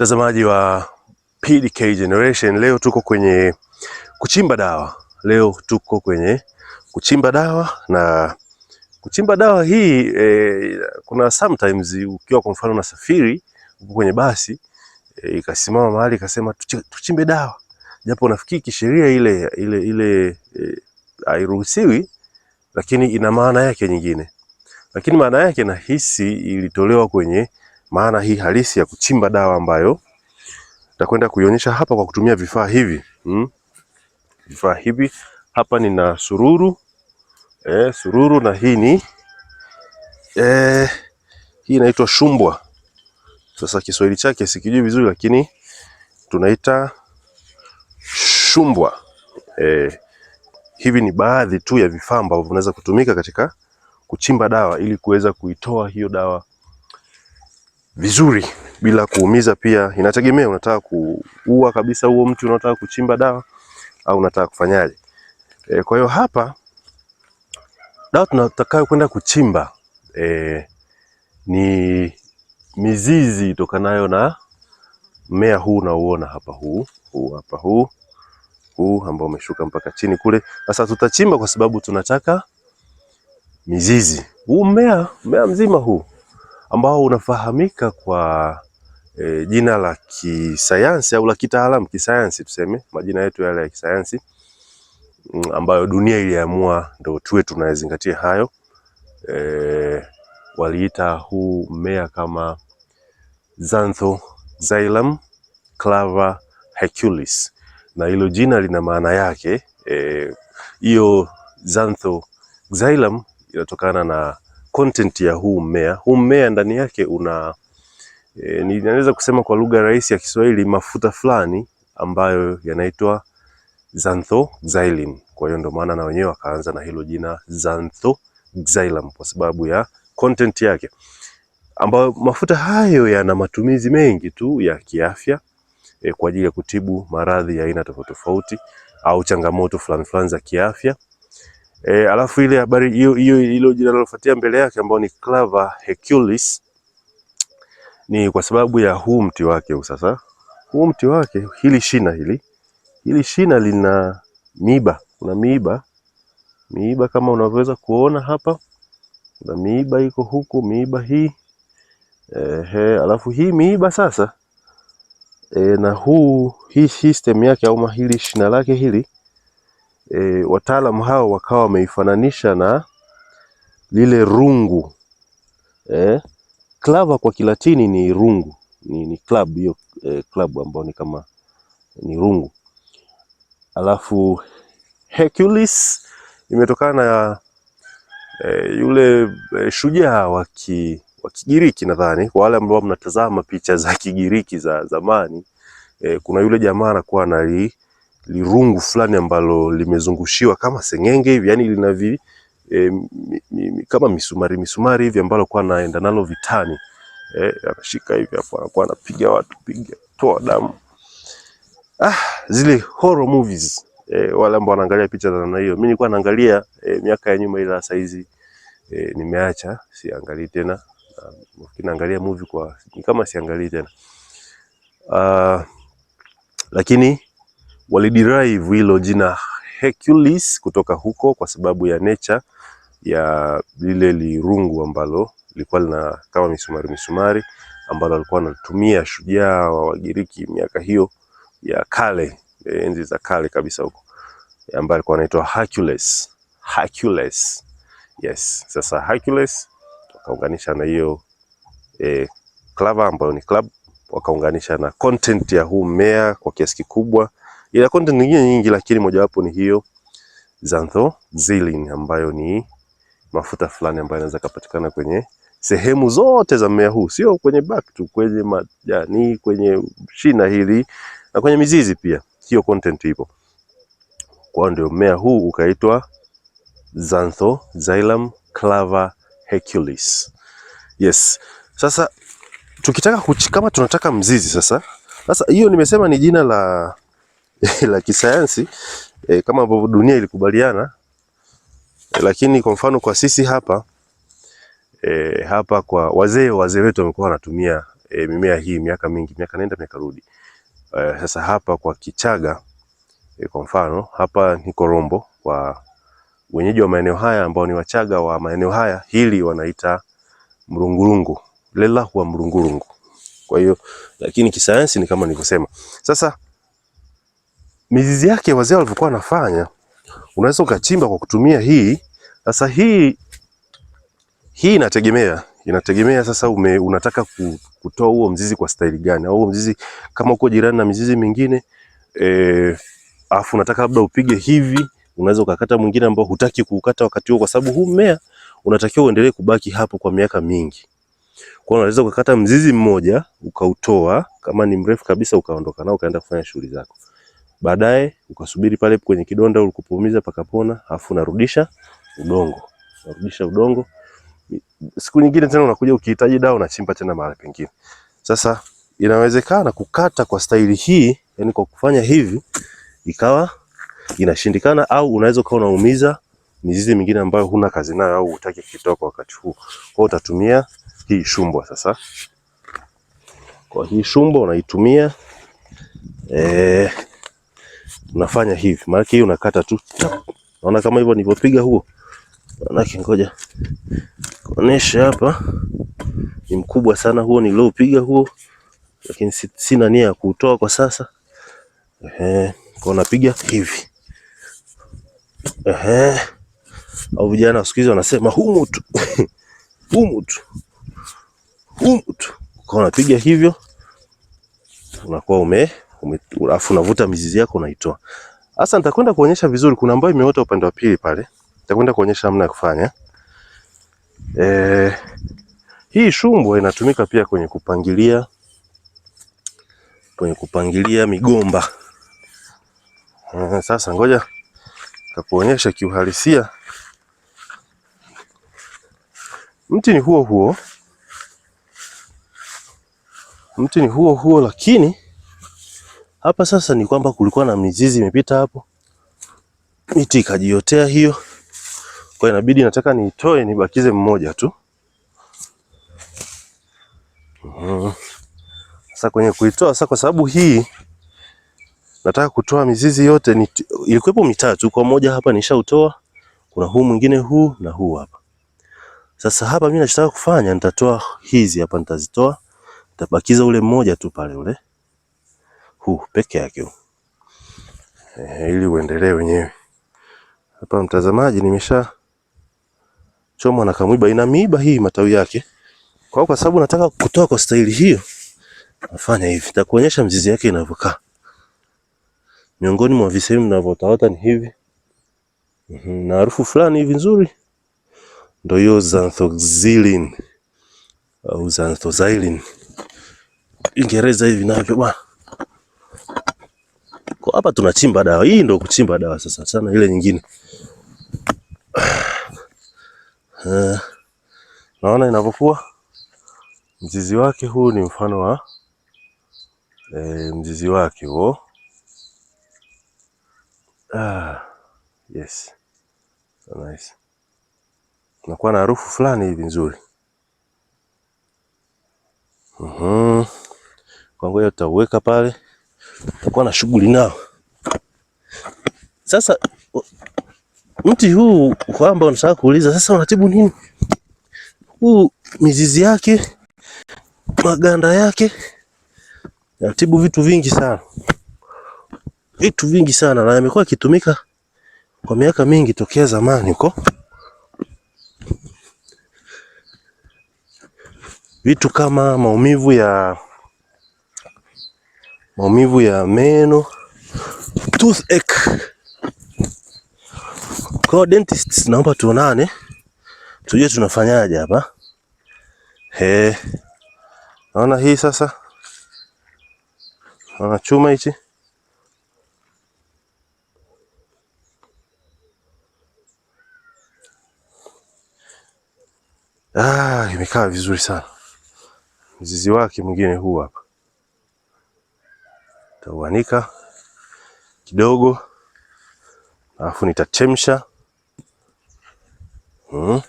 Mtazamaji wa PDK Generation, leo tuko kwenye kuchimba dawa. Leo tuko kwenye kuchimba dawa na kuchimba dawa hii e, kuna sometimes ukiwa kwa mfano unasafiri uko kwenye basi e, ikasimama mahali ikasema tuchimbe dawa, japo nafikiri kisheria ile ile ile e, hairuhusiwi e, lakini ina maana yake nyingine, lakini maana yake nahisi ilitolewa kwenye maana hii halisi ya kuchimba dawa ambayo takwenda kuionyesha hapa kwa kutumia vifaa hivi hmm. Vifaa hivi hapa nina sururu eh, sururu na hii ni eh, hii inaitwa shumbwa. Sasa Kiswahili chake sikijui vizuri, lakini tunaita shumbwa eh. Hivi ni baadhi tu ya vifaa ambavyo vinaweza kutumika katika kuchimba dawa ili kuweza kuitoa hiyo dawa vizuri bila kuumiza. Pia inategemea unataka kuua kabisa huo mti unaotaka kuchimba dawa au unataka kufanyaje. E, kwa hiyo hapa dawa tunataka kwenda kuchimba e, ni mizizi itokanayo na mmea huu unaouona hapa, huu huu hapa, huu huu ambao umeshuka mpaka chini kule. Sasa tutachimba kwa sababu tunataka mizizi. Huu mmea mmea mzima huu ambao unafahamika kwa e, jina la kisayansi au la kitaalamu kisayansi, tuseme majina yetu yale ya kisayansi mm, ambayo dunia iliamua ndo tuwe tunayezingatia hayo. E, waliita huu mmea kama Xylem clava Hercules, na hilo jina lina maana yake e, hiyo. E, Xylem inatokana na content ya huu mmea. Huu mmea ndani yake una e, ninaweza kusema kwa lugha rahisi ya Kiswahili mafuta fulani ambayo yanaitwa xanthoxylin. Kwa hiyo ndio maana na wenyewe wakaanza na hilo jina xanthoxylum kwa sababu ya content yake, ambayo mafuta hayo yana matumizi mengi tu ya kiafya e, kwa ajili ya kutibu maradhi ya aina tofauti tofauti au changamoto fulani fulani za kiafya. E, alafu ile habari hiyo hiyo ilo jina linalofuatia mbele yake ambao ni Clava Hercules ni kwa sababu ya huu mti wake huu. Sasa huu mti wake hili shina hili hili shina lina miiba, kuna miiba miiba kama unavyoweza kuona hapa, kuna miiba iko huku, miiba hii ehe, alafu hii miiba sasa e, na huu hii system yake au hili shina lake hili e, wataalamu hao wakawa wameifananisha na lile rungu e, clava kwa Kilatini ni rungu, ni, ni club hiyo e, club ambayo ni kama ni rungu, alafu Hercules imetokana na e, yule e, shujaa wa Kigiriki nadhani, kwa wale ambao mnatazama picha za Kigiriki za zamani e, kuna yule jamaa anakuwa anali lirungu fulani ambalo limezungushiwa kama seng'enge hivi, yani lina vi, e, mi, mi, kama misumari misumari hivi ambalo kwa anaenda nalo vitani e, anashika hivi hapo anakuwa anapiga watu, piga toa damu. Ah, zile horror movies e, wale ambao wanaangalia picha za namna hiyo. Mimi nilikuwa naangalia e, miaka ya nyuma, ila sasa hizi e, nimeacha siangalii tena, naangalia movie kwa ni kama siangalii tena ah, lakini waliderive hilo jina Hercules kutoka huko kwa sababu ya nature ya lile lirungu ambalo lilikuwa lina kama misumari misumari ambalo alikuwa anatumia shujaa wa Wagiriki miaka hiyo ya kale, eh, enzi za kale kabisa huko, eh, ambaye alikuwa anaitwa Hercules. Hercules. Yes, sasa Hercules wakaunganisha na hiyo eh, clava ambayo ni club wakaunganisha na content ya huu mmea kwa kiasi kikubwa Ila content nyingine nyingi, lakini mojawapo ni hiyo Xanthozylin ambayo ni mafuta fulani ambayo yanaweza kupatikana kwenye sehemu zote za mmea huu, sio kwenye bark tu, kwenye majani, kwenye shina hili na kwenye mizizi pia. Hiyo content ipo kwao, ndio mmea huu ukaitwa Xanthoxylum clava hercules. Yes. Sasa tukitaka kuchi, kama tunataka mzizi sasa, sasa hiyo nimesema ni jina la la kisayansi e, kama ambavyo dunia ilikubaliana e, lakini kwa mfano kwa sisi hapa e, hapa kwa wazee wazee wetu wamekuwa wanatumia e, mimea hii miaka mingi, miaka nenda miaka rudi. E, sasa hapa kwa Kichaga e, kwa mfano hapa ni Korombo kwa wenyeji wa maeneo haya ambao ni Wachaga wa maeneo haya, hili wanaita mrungurungu, lela huwa mrungurungu. Kwa hiyo, lakini kisayansi ni kama nilivyosema sasa mizizi yake wazee walivyokuwa wanafanya, unaweza ukachimba kwa kutumia hii. Sasa hii hii inategemea inategemea sasa ume, unataka kutoa huo mzizi kwa staili gani, au mzizi kama uko jirani na mizizi mingine e, afu unataka labda upige hivi, unaweza ukakata mwingine ambao hutaki kuukata wakati huo, kwa sababu huu mmea unatakiwa uendelee kubaki hapo kwa miaka mingi. Kwa hiyo unaweza ukakata mzizi mmoja ukautoa, kama ni mrefu kabisa ukaondoka nao ukaenda kufanya shughuli zako baadaye ukasubiri pale kwenye kidonda ulikupumiza pakapona, afu unarudisha udongo, unarudisha udongo. Siku nyingine tena unakuja ukihitaji dawa unachimba tena mahali pengine. Sasa inawezekana kukata kwa staili hii, yani kwa kufanya hivi ikawa inashindikana, au unaweza ukawa unaumiza mizizi mingine ambayo huna kazi nayo au hutaki kitoka kwa wakati huu. Kwa utatumia hii shumbwa sasa. Kwa hii shumbwa unaitumia eh unafanya hivi, maana hii unakata tu. Naona kama hivyo nilivyopiga huo, maana ngoja kuonesha hapa, ni mkubwa sana huo niliopiga huo, lakini sina nia ya kuutoa kwa sasa. Ehe, kwa napiga hivi ehe, au vijana siku hizi wanasema humu tu humu tu humu tu, kwa napiga hivyo unakuwa ume alafu unavuta mizizi yako unaitoa. Sasa nitakwenda kuonyesha vizuri, kuna ambayo imeota upande wa pili pale, nitakwenda kuonyesha namna ya kufanya e, Hii shumbwa inatumika pia kwenye kupangilia kwenye kupangilia migomba. Eh, sasa ngoja nikakuonyesha kiuhalisia. Mti ni huo huo, mti ni huo huo, lakini hapa sasa ni kwamba kulikuwa na mizizi imepita hapo, miti ikajiotea hiyo, kwa inabidi nataka niitoe nibakize mmoja tu. Mhm. Sasa kwenye kuitoa sasa, kwa sababu hii nataka kutoa mizizi yote, ilikuwepo mitatu kwa moja, hapa nishautoa, kuna huu mwingine, huu na huu hapa. Sasa hapa mimi nachotaka kufanya, nitatoa hizi hapa, nitazitoa, nitabakiza ule mmoja tu pale ule huu peke yake huu e, ili uendelee wenyewe. Hapa mtazamaji, nimesha choma na kamwiba, ina miiba hii matawi yake. Kwa kwa sababu nataka kutoa kwa staili hiyo, nafanya hivi. Nitakuonyesha mzizi yake inavyokaa. Miongoni mwa visehemu vinavyotaota ni hivi mhm, na harufu fulani hivi nzuri, ndio hiyo zanthoxylin au zanthoxylin Ingereza hivi navyo bwana. Kwa hapa tunachimba dawa. Hii ndio kuchimba dawa sasa sana ile nyingine. Uh, naona inapokuwa mzizi wake huu ni mfano wa e, mzizi wake huo. Ah, yes. Nice. Unakuwa na harufu fulani hivi nzuri. Mhm. Kwa hiyo tutaweka pale takuwa na shughuli nao. Sasa mti huu kwamba unataka kuuliza sasa unatibu nini? Huu mizizi yake, maganda yake natibu vitu vingi sana, vitu vingi sana, na yamekuwa yakitumika kwa miaka mingi tokea zamani huko. Vitu kama maumivu ya maumivu ya meno, toothache. Kwa dentist, naomba tuonane, tujue tunafanyaje hapa. He, naona hii sasa, naona chuma hichi Ah, imekaa vizuri sana. Mzizi wake mwingine huu hapa. Nitauanika kidogo, alafu nitachemsha hmm.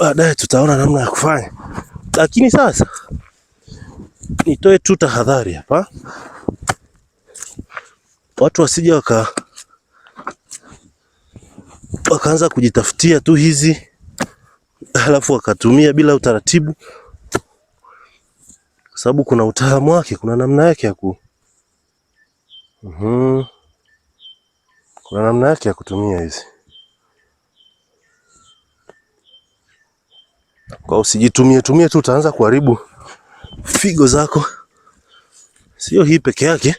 Baadaye tutaona namna ya kufanya, lakini sasa nitoe tu tahadhari hapa, watu wasije waka wakaanza kujitafutia tu hizi halafu wakatumia bila utaratibu sababu kuna utaalamu wake, kuna namna yake ya ku mm-hmm. kuna namna yake ya kutumia hizi kwa, usijitumie tumie tu, utaanza kuharibu figo zako. Sio hii peke yake,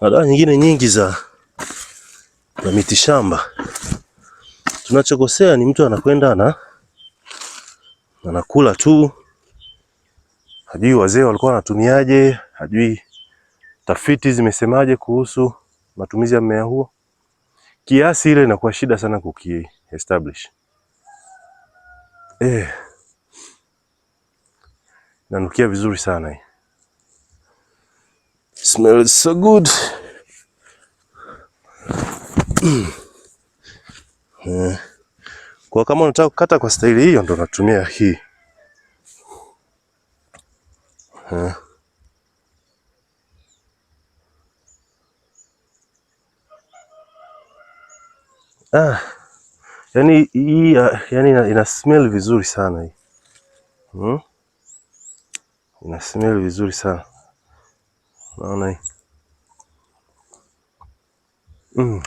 na dawa nyingine nyingi za za miti shamba. Tunachokosea ni mtu anakwenda na anakula tu hajui wazee walikuwa wanatumiaje, hajui tafiti zimesemaje kuhusu matumizi ya mmea huo. Kiasi ile inakuwa shida sana kuki establish eh, nanukia vizuri sana hii. Smells so good. Eh, kwa kama unataka kukata kwa staili hiyo ndo natumia hii eh. Ah, yani hii yani ina, ina smell vizuri sana hii hmm? Ina smell vizuri sana naona hii mm.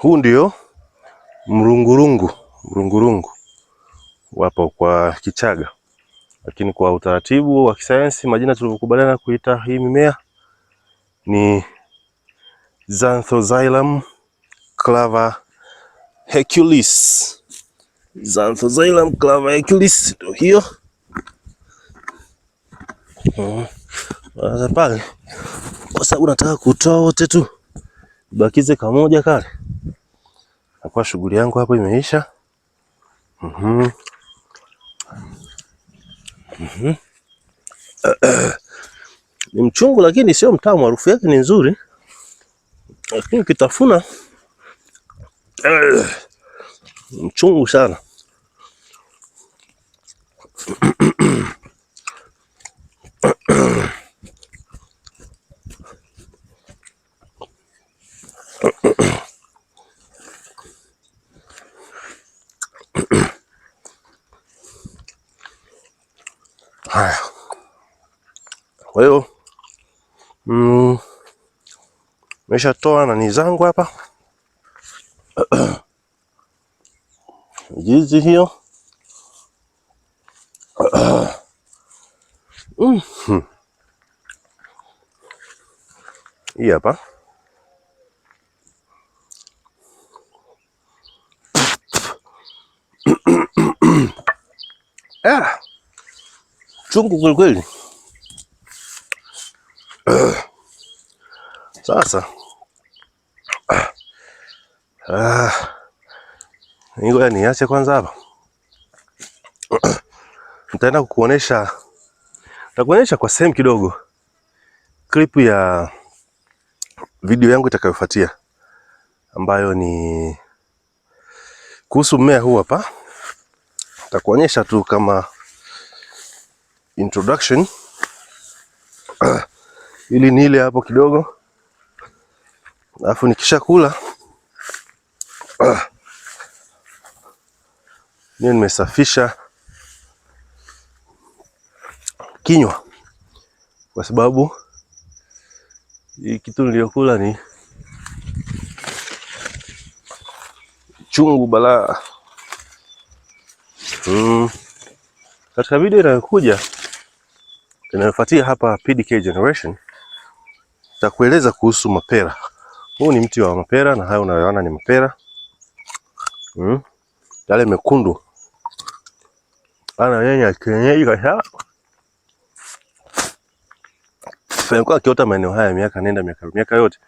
Huu ndio mrungurungu mrungurungu wapo kwa Kichaga lakini kwa utaratibu wa kisayansi majina tulivyokubaliana kuita hii mimea ni Xanthoxylum clava Hercules. Xanthoxylum clava Hercules ndio hiyo hmm. pale, kwa sababu nataka kutoa wote tu bakize kamoja kale. Nakuwa shughuli yangu hapo imeisha. mm -hmm. Mhm. ni mchungu lakini sio mtamu, harufu yake ni nzuri, lakini ukitafuna mchungu sana. Kwa hiyo mm, meshatoa nani zangu hapa jizi hiyo hii hapa ah! chungu kwelikweli. Sasa ah, ngoja niache kwanza hapa. Nitaenda kukuonesha, nitakuonesha kwa sehemu kidogo clip ya video yangu itakayofuatia ambayo ni kuhusu mmea huu hapa. Nitakuonyesha tu kama introduction, ili nile hapo kidogo alafu nikisha kula ah, niyo nimesafisha kinywa, kwa sababu hii kitu niliyokula ni chungu balaa. Mm. Katika video inayokuja inayofuatia hapa PDK Generation takueleza kuhusu mapera. Huu ni mti wa mapera na haya unayoona ni mapera hmm. Yale mekundu ana nyanya kienyeji kasha yalikuwa akiota maeneo haya miaka nenda miaka miaka yote.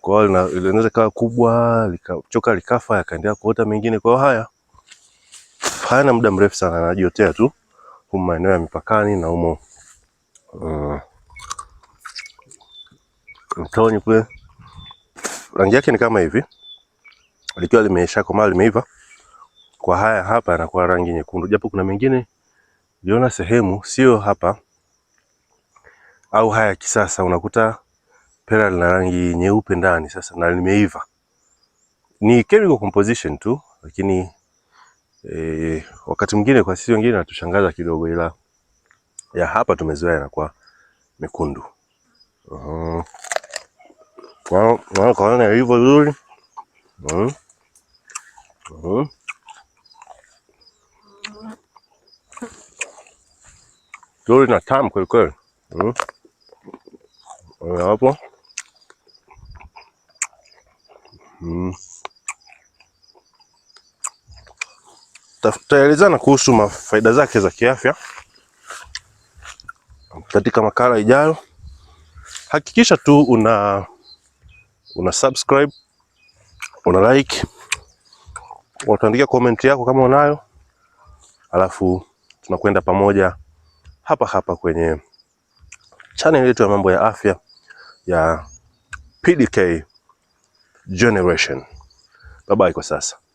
Kwa hiyo linaweza kawa kubwa likachoka likafa yakaendelea kuota mengine. Kwa haya hayana muda mrefu sana, anajiotea tu huko maeneo ya mipakani na humo uh, mm, mtoni kule rangi yake ni kama hivi, likiwa koma limeiva, kwa haya hapa yanakuwa rangi nyekundu, japo kuna mengine liona sehemu sio hapa au haya kisasa, unakuta pera lina rangi nyeupe ndani sasa na limeiva. Ni chemical composition tu, lakini e, wakati mwingine kwa sisi wengine natushangaza kidogo, ila ya hapa tumezoea inakuwa mekundu. Uhum. Naona hivyo vizuri mm. mm. zuri na tamu kwelikweli mm. hapo mm. tutaelezana kuhusu faida zake za kiafya katika makala ijayo. Hakikisha tu una una subscribe, una like, unatuandikia comment yako kama unayo, alafu tunakwenda pamoja hapa hapa kwenye channel yetu ya mambo ya afya ya PDK Generation. Bye bye kwa sasa.